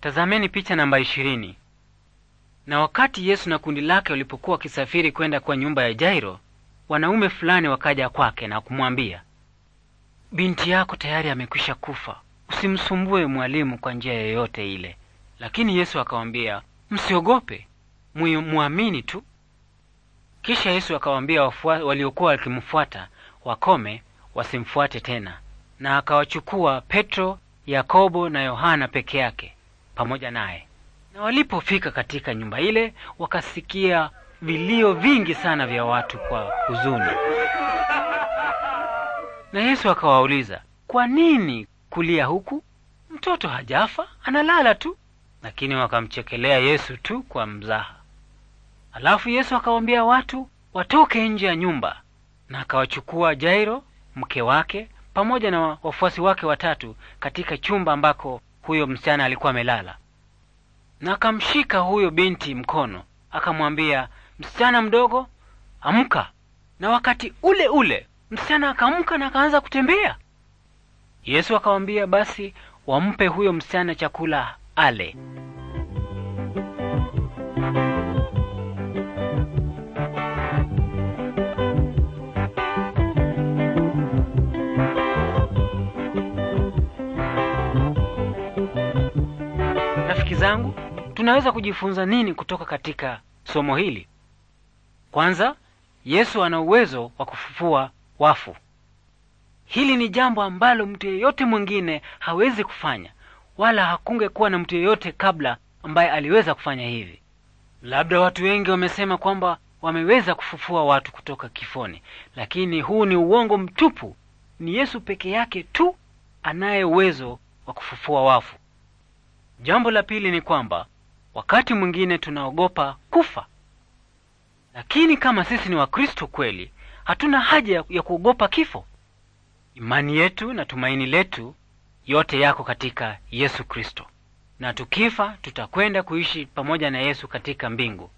Tazameni picha namba ishirini. Na wakati Yesu na kundi lake walipokuwa wakisafiri kwenda kwa nyumba ya Jairo, wanaume fulani wakaja kwake na kumwambia, binti yako tayari amekwisha kufa, usimsumbue mwalimu kwa njia yoyote ile. Lakini Yesu akawambia msiogope, mwamini tu. Kisha Yesu akawambia waliokuwa wakimfuata wakome, wasimfuate tena, na akawachukua Petro, Yakobo na Yohana peke yake pamoja naye. Na walipofika katika nyumba ile, wakasikia vilio vingi sana vya watu kwa huzuni. Na Yesu akawauliza, kwa nini kulia huku? Mtoto hajafa, analala tu. Lakini wakamchekelea Yesu tu kwa mzaha. Alafu Yesu akawaambia watu watoke nje ya nyumba, na akawachukua Jairo, mke wake, pamoja na wafuasi wake watatu katika chumba ambako huyo msichana alikuwa amelala, na akamshika huyo binti mkono, akamwambia, msichana mdogo, amka. Na wakati ule ule msichana akaamka na akaanza kutembea. Yesu akamwambia basi wampe huyo msichana chakula ale. rafiki zangu, tunaweza kujifunza nini kutoka katika somo hili? Kwanza, Yesu ana uwezo wa kufufua wafu. Hili ni jambo ambalo mtu yeyote mwingine hawezi kufanya, wala hakungekuwa na mtu yeyote kabla ambaye aliweza kufanya hivi. Labda watu wengi wamesema kwamba wameweza kufufua watu kutoka kifoni, lakini huu ni uongo mtupu. Ni Yesu peke yake tu anaye uwezo wa kufufua wafu. Jambo la pili ni kwamba wakati mwingine tunaogopa kufa, lakini kama sisi ni Wakristo kweli, hatuna haja ya kuogopa kifo. Imani yetu na tumaini letu yote yako katika Yesu Kristo, na tukifa tutakwenda kuishi pamoja na Yesu katika mbingu.